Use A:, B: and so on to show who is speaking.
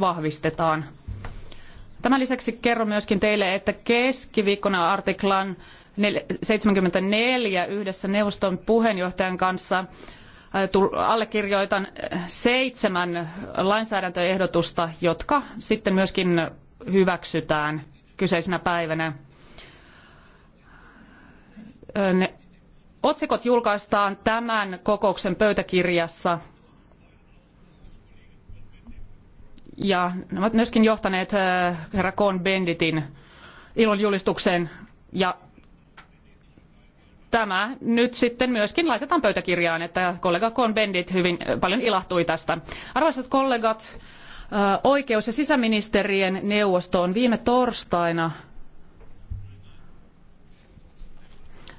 A: vahvistetaan. Tämän lisäksi kerron myöskin teille, että keskiviikkona artiklan 74 yhdessä neuvoston puheenjohtajan kanssa äh, allekirjoitan äh, seitsemän lainsäädäntöehdotusta, jotka sitten myöskin hyväksytään kyseisenä päivänä. Äh, ne otsikot julkaistaan tämän kokouksen pöytäkirjassa Ja ne ovat myöskin johtaneet herra Kohn Benditin ilonjulistukseen Ja tämä nyt sitten myöskin laitetaan pöytäkirjaan, että kollega Kohn Bendit hyvin paljon ilahtui tästä. Arvoisat kollegat, oikeus- ja sisäministerien neuvosto on viime torstaina